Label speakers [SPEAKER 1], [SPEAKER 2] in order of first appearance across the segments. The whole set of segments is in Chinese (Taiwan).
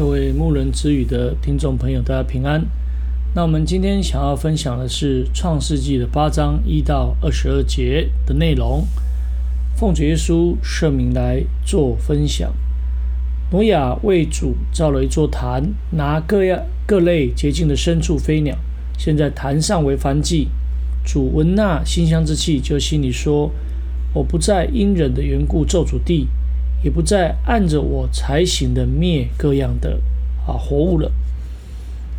[SPEAKER 1] 各位牧人之語的聽眾朋友，大家平安。那我們今天想要分享的是《創世紀》的八章一到二十二節的內容。奉主耶穌聖名來做分享。挪亞為主造了一座壇，拿各樣各類潔淨的牲畜、飛鳥，獻在壇上為燔祭。主聞那馨香之氣，就心裡說：“我不再因人的緣故咒詛地。”也不再按着我才行的，滅各樣的啊活物了。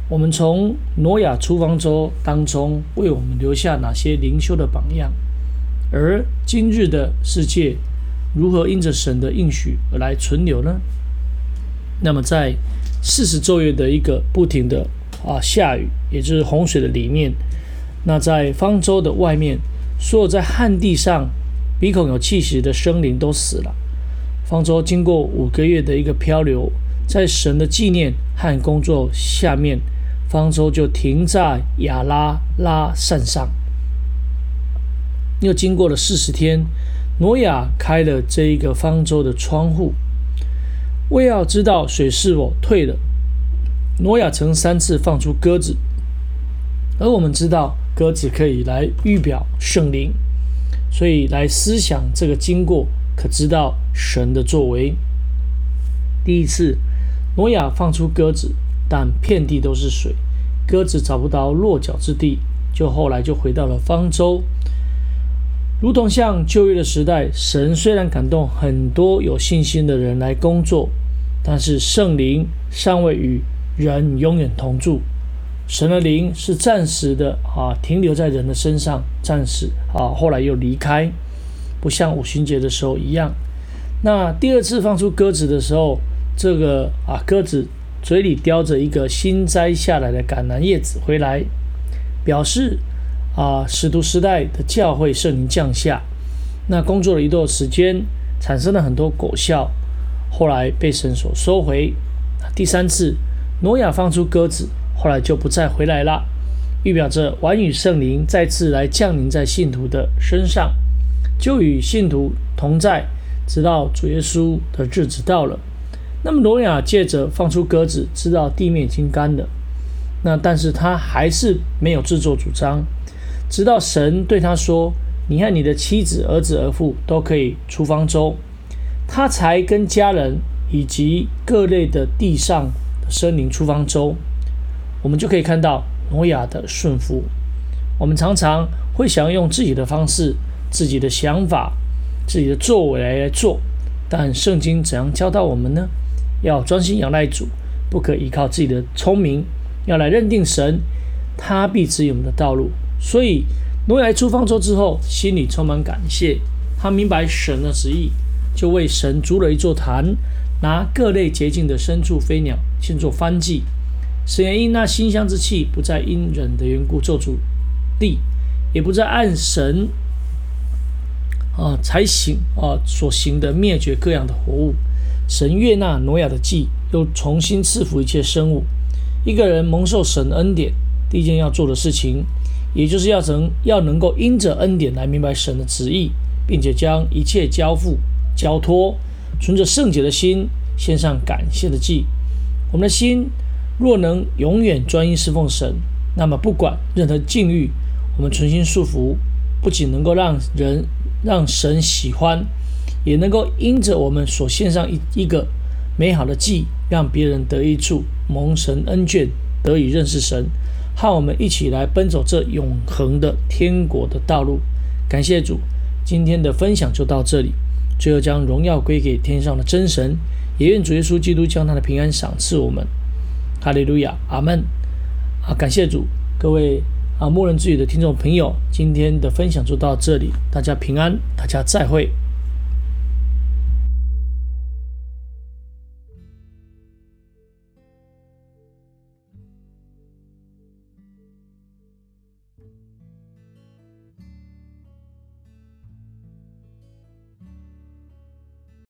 [SPEAKER 1] 我們從挪亞出方舟當中為我們留下哪些靈修的榜樣？而今日的世界如何因着神的應許而來存留呢？那麼，在四十晝夜的一個不停的啊下雨，也就是洪水的裡面，那在方舟的外面，所有在旱地上鼻孔有氣息的生靈都死了。方舟經過五個月的一個漂流，在神的紀念和工作下面，方舟就停在亞拉拉山上。又經過了四十天，挪亞開了這一個方舟的窗戶，為要知道水是否退了。挪亞曾三次放出鴿子，而我們知道鴿子可以來預表聖靈，所以來思想這個經過，可知道。神的作為。第一次，挪亞放出鴿子，但遍地都是水，鴿子找不到落腳之地，就後來就回到了方舟。如同像舊約的時代，神雖然感動很多有信心的人來工作，但是聖靈尚未與人永遠同住，神的靈是暫時的啊，停留在人的身上，暫時啊，後來又離開，不像五旬節的時候一樣。那第二次放出鴿子的時候，這個啊鴿子嘴裡叼着一個新摘下來的橄欖葉子回來，表示啊使徒時代的教會聖靈降下。那工作了一段時間，產生了很多果效。後來被神所收回。第三次，挪亞放出鴿子，後來就不再回來了，預表着晚雨聖靈再次來降臨在信徒的身上，就與信徒同在。直到主耶穌的日子到了，那麼挪亞借着放出鴿子，知道地面已經乾了。那但是他還是沒有自作主張，直到神對他說：“你和你的妻子、兒子、兒婦都可以出方舟。”他才跟家人以及各類的地上生靈出方舟。我們就可以看到挪亞的順服。我們常常會想用自己的方式、自己的想法。自己的作為來來做，但聖經怎樣教導我們呢？要專心仰賴主，不可依靠自己的聰明，要來認定神，他必指引我們的道路。所以，挪亞來出方舟之後，心裡充滿感謝，他明白神的旨意，就為神築了一座壇，拿各類潔淨的牲畜、飛鳥獻作燔祭。神也因那馨香之氣，不再因人的緣故咒詛地，也不再按神。啊，才行啊！所行的滅絕各樣的活物，神悅納挪亞的祭，又重新賜福一切生物。一個人蒙受神的恩典，第一件要做的事情，也就是要能，要能夠因着恩典來明白神的旨意，並且將一切交付、交托，存着聖潔的心，獻上感謝的祭。我們的心若能永遠專一侍奉神，那麼不管任何境遇，我們存心束縛，不僅能夠讓人。讓神喜歡，也能夠因着我們所獻上一一個美好的祭，讓別人得益處，蒙神恩眷，得以認識神，和我們一起來奔走這永恆的天國的道路。感謝主，今天的分享就到這裡。最後將榮耀歸給天上的真神，也願主耶穌基督將他的平安賞賜我們。哈利路亞，阿門。啊，感謝主，各位。啊，默認之語的聽眾朋友，今天的分享就到這裡，大家平安，大家再會。